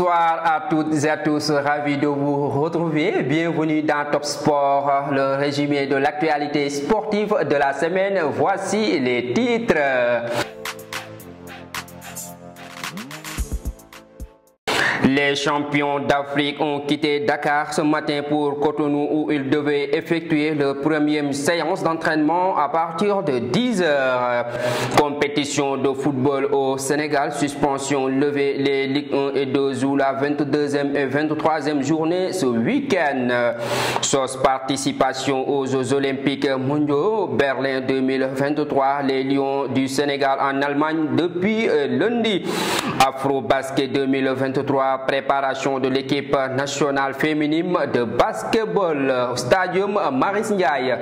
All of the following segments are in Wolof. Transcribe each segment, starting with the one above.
Bonsoir à toutes et à tous, ravi de vous retrouver. Bienvenue dans Top Sport, le résumé de l'actualité sportive de la semaine. Voici les titres. Les champions d'Afrique ont quitté Dakar ce matin pour Cotonou où ils devaient effectuer leur première séance d'entraînement à partir de 10 heures. Pétition de football au Sénégal. Suspension levée, les Ligue 1 et 2 ou la 22e et 23e journée ce week-end. Source participation aux Jeux Olympiques mondiaux Berlin 2023, les Lions du Sénégal en Allemagne depuis euh, lundi. Afro-Basket 2023, préparation de l'équipe nationale féminine de basketball. Stadium Maris Ndiaye.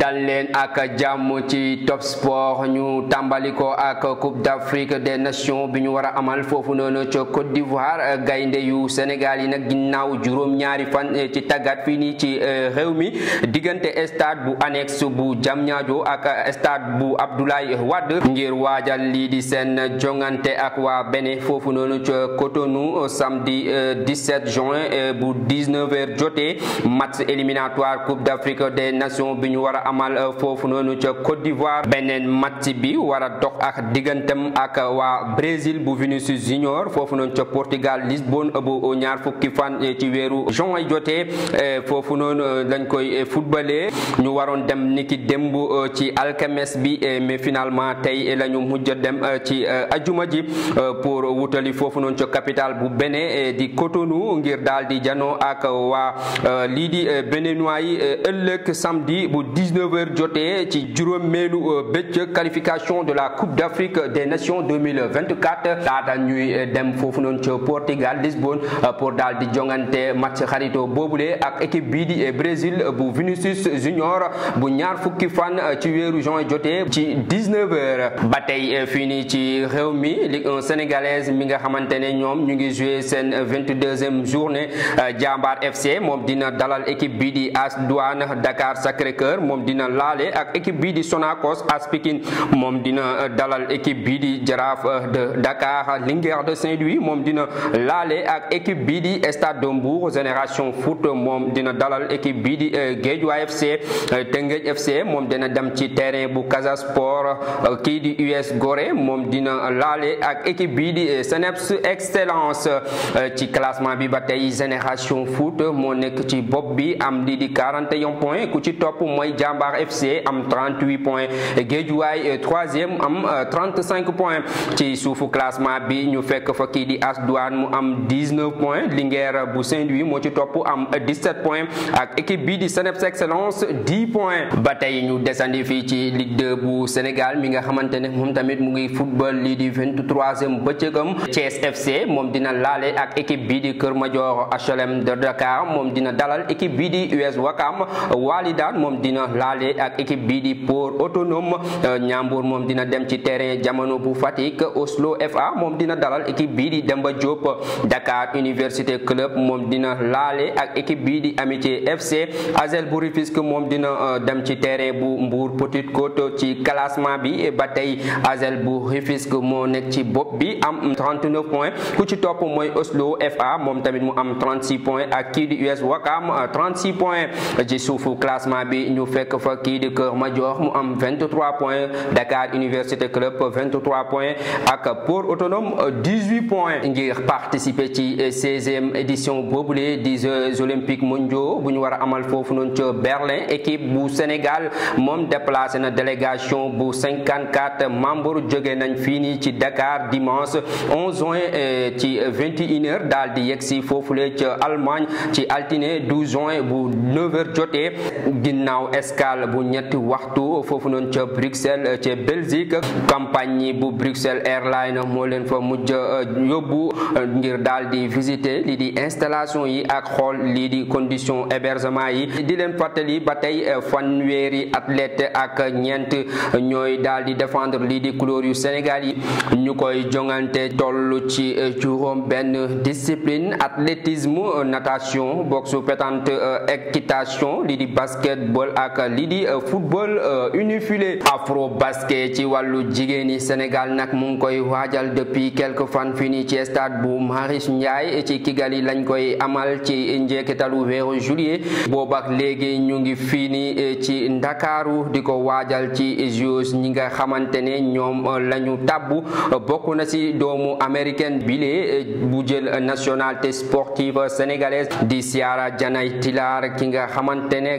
dal leen ak jàmm ci top sport ñu tàmbali ko ak coupe d'Afrique des nations bi ñu war a amal foofu noonu ca Côte d'Ivoire gaynde yu Sénégal yi nag ginnaaw juróom-ñaari fan eh, ci tàggat fii nii ci eh, réew mi diggante stade bu annexe bu Diamniadio ak stade bu Abdoulaye Wade ngir waajal lii di seen jongante ak waa Bénin foofu noonu ca Cotonou eh, samedi 17 juin bu 19 jotee match éliminatoire coupe d'Afrique des nations bi ñu war amal euh, fofu noonu ca Côte d'Ivoire benen match bi wara dox ak digantem ak wa Brésil bu Vinicius Junior fofu non Portugal Lisbonne bu ñaar fukki fan eh, ci wéru juin ay joté eh, fofu non eh, lañ koy footballé ñu waron dem niki dembu ci alxames bi mais finalement tay la ñu mujj dem ci ajuma ji pour wutali fofu non ca capital bu Bénin di Cotonou ngir daldi jano ak wa lii di béninois yi samedi bu 19 19h jotee ci melu euh, becc qualification de la coupe d'Afrique des nations 2024 la ñuy euh, dem fofu non ci Portugal Lisbonne euh, pour dal di jonganté match xarito bobulé ak équipe bi di Brésil bu Vinicius Junior bu ñaar fukki fan ci wéru juin jotee ci 19h batay fini ci réew mi Ligue sénégalaise mi nga xamante ne ñu ngi jouer 22e journée Jambar FC mom dina dalal équipe bi di AS douane Dakar Sacré-Cœur mom dina laale ak équipe bi di Sonacos aspikin mom euh, euh, dina dalal équipe bi di de Dakar Linger de Saint-Louis mom dina Lale ak équipe bi di Stade Dombourg Génération Foot mom dina dalal équipe bi di Guédiawaye FC euh, Teungueth FC mom dina dem ci terrain bu Casa Sport ki di US Gorée mom dina Lale ak équipe bi di Seneps Excellence ci classement bi batay Génération Foot mo nek ci bopp bi am lii di 41 points ku ci top moy Bar FC am 38 points Guédiawaye euh, troisième am 35 euh, points ci soufu classement bi ñu fekk fa ki di AS Douane mu am 19 points Linguère bu Saint-Louis mo ci top am 17 points ak équipe bi di Seneps Excellence 10 points Bataille, nous ñu descendi fi ci Ligue 2 bu Sénégal mi nga xamantene mom tamit mu ngi football Ligue 23e bëccëgam Thiès FC mom dina lalé ak équipe bi di Keur Madior HLM de Dakar mom dina dalal équipe bi di US Wakam Walidan. mom dina laale ak équipe bii di Port Autonome euh, Ndiambour moom dina dem ci terrain jamono bu Fatick Oslo FA moom dina dalal équipe bii di ba Diop Dakar Université Club moom dina laale ak équipe bii di Amitié FC Azel bu Rufisque moom dina euh, dem ci terrain bu Mbour Petite Côte ci classement bi ba tey Azel bu Rufisque moo nekk ci bopp bi am 39 points ku ci topp mooy Oslo FA moom tamit mu am 36 points ak kii di US Ouakam 36 points ci suufu classement bi ñu fekk qui de de major en mu am 23 points Dakar Université Club 23 points ak Port Autonome 18 points ngir participer ci 16e édition boobule des olympiques mondiaux bu ñu amal foofu Berlin équipe bu Sénégal mom déplacé na délégation bu 54 membres jóge nañ Fini ci Dakar dimanche 11 juin euh, ci 21h Dal di yegsi foofule ci Allemagne ci Altiné, 12 juin bu 9h jotee SK escale bu ñetti waxtu fofu non Bruxelles euh, ci Belgique compagnie bu Bruxelles Airlines mo leen fa mujj euh, yóbbu euh, ngir daldi visiter li di installation yi ak xol di condition hébergement yi di leen fàttali batay tey athlète ak ñent ñoy daldi défendre li di couleur yu Sénégal yi ñu jongante ci juróom discipline athlétisme natation boxe pétanque équitation li di basketball ak lii di euh, football euh, unifié afro basket ci wàllu jigéen yi Sénégal nag mu ngi koy waajal depuis quelques fan fii nii ci stade bu Marius Ndiaye ci Kigali lañ koy amal ci njeekitalu weeru juillet boobaak léegi ñu ngi fii nii euh, ci Ndakaaru di ko waajal ci JOS ñi nga xamante ne ñoom lañu tàbbu bokk na ci doomu américaine bile bu jël nationalité sportive sénégalaise di Siara Janay Tilar ki nga xamante ne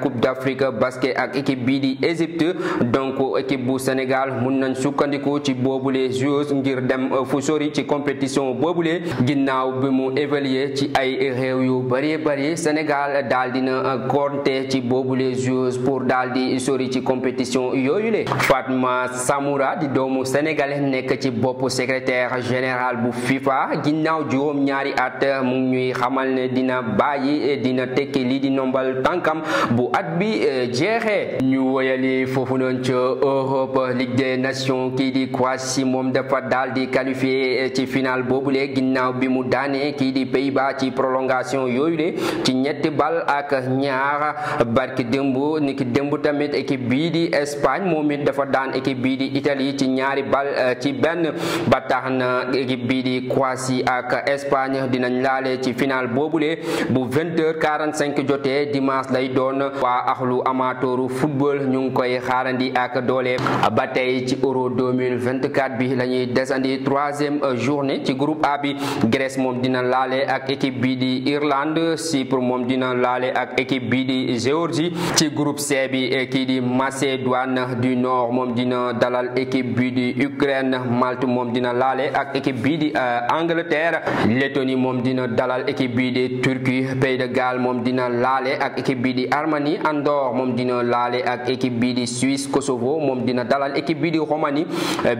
Coupe d'Afrique basket ak équipe bi di Égypte donc équipe bu Sénégal mën nañ sukkandiku ci boobule joueurs ngir dem euh, fu sori ci compétition boobule ginnaaw bi mu évaluer ci ay réew yu bari bari Sénégal dal dina euh, compter ci boobule joueurs pour daal di sori ci compétition yoyulé Fatma Samoura di doomu sénégalais nek ci secrétaire général bu FIFA ginnaw juróom ñaari at mu ñuy xamal né dina bàyyi dina tekki di nombal tankam bu at bi jeexee ñu woyali fofu non ci Europe Ligue des Nations ki di Croatie mom dafa daal di qualifié eh, ci final boobule ginnaw bi mu daanee ki di Pays-Bas ci prolongation yoyu de ci ñetti bal ak ñaar barki démb niki démb tamit équipe bi di Espagne momit dafa daan équipe bi di Italie ci ñaari bal eh, ci ben batahna tax équipe bii di Croatie ak Espagne dinañ laalé ci final boobule bu 20h45 jotee dimanche lay doon wa akhlu amateuru football ñu ngi koy xaarandi ak doole ba tey ci euro 2024 bi la ñuy desandi troisième journée ci groupe A bi Grèce moom dina laale ak équipe bi di Irlande Chypre moom dina laale ak équipe bi di Géorgie ci groupe C bi kii di Macédoine du Nord moom dina dalal équipe bi di Ukraine Malte moom dina laale ak équipe bi di euh, Angleterre Lettonie moom dina dalal équipe bi di Turquie Pays de Galles moom dina laale ak équipe bi di Andorre moom dina laale ak équipe bi di Suisse Kosovo moom dina dalal équipe bi di Roumanie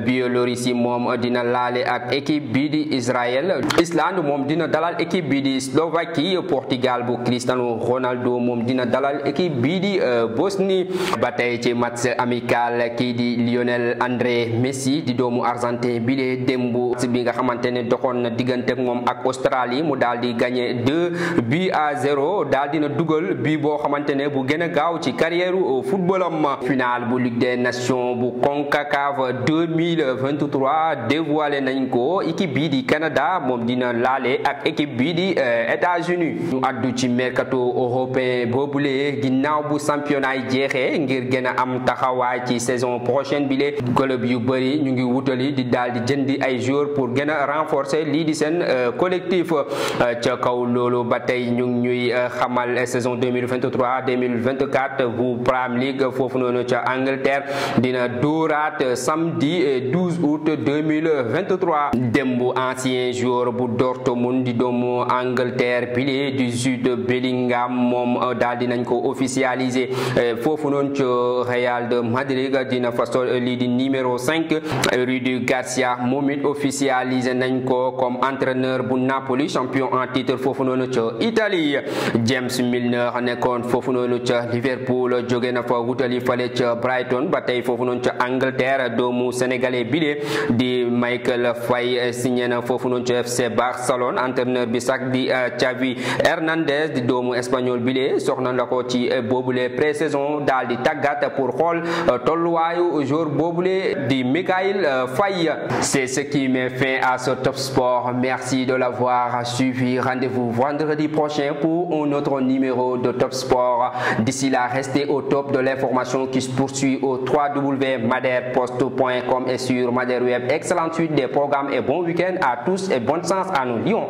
Biélorussie moom dina laale ak équipe bi di Israël Islande moom dina dalal équipe bi di Slovaquie Portugal bu Cristiano Ronaldo moom dina dalal équipe bi di euh, Bosnie ba tey ci match amical kii di Lionel André Messi di doomu Argentin bi de bu bi nga xamante ne doxoon na diggante moom ak Australie mu daal di gagné 2 bi à 0 daal dina dugal bi boo xamante bu gën gaaw ci carrière au euh, football am final bu Ligue des Nations bu CONCACAF 2023 dévoilé nañ ko équipe bii di Canada moom dina laale ak équipe bii di euh, États-Unis ñu addu ci mercato européen boobule ginnaaw bu championnat yi jeexee ngir gën a am taxawaay ci saison prochaine bi le club yu bëri ñu ngi wutali di daal di jëndi ay joueurs pour gën a renforcer lii di seen euh, collectif ca kaw loolu ba tey ñu ngi ñuy xamal saison 2023 2024 pour Premier League foofu noonu Angleterre dina samedi 12 eh, août 2023 Dembou, ancien joueur pour Dortmund Domo Angleterre Pile du sud Bellingham Mom eh, dal dinañ ko officialiser eh, Real de Madrid dina façon Lidi numéro 5 Rudy Garcia Momit officialisé nañ ko comme entraîneur pour Napoli champion en titre foofu Italie James Milner Nekon Fofunono. Liverpool Liverpool le na fa wutali falé Brighton ba tey foofu Angleterre domou sénégalais bile di Michael Faye eh, signé na FC Barcelone entraîneur bi sak di eh, Xavi Hernandez di domou espagnol bile soxna la ko ci eh, pré-saison dal di pour xool tolluwaayu jour bobule di Michael Faye. C'est ce qui met fin à ce top sport. Merci de l'avoir suivi. Rendez-vous vendredi prochain pour un autre numéro de Top Sport. D'ici là, rester au top de l'information qui se poursuit au www.maderpost.com et sur Madère Web. Excellente suite des programmes et bon week-end à tous et bon sens à nous. Lyon.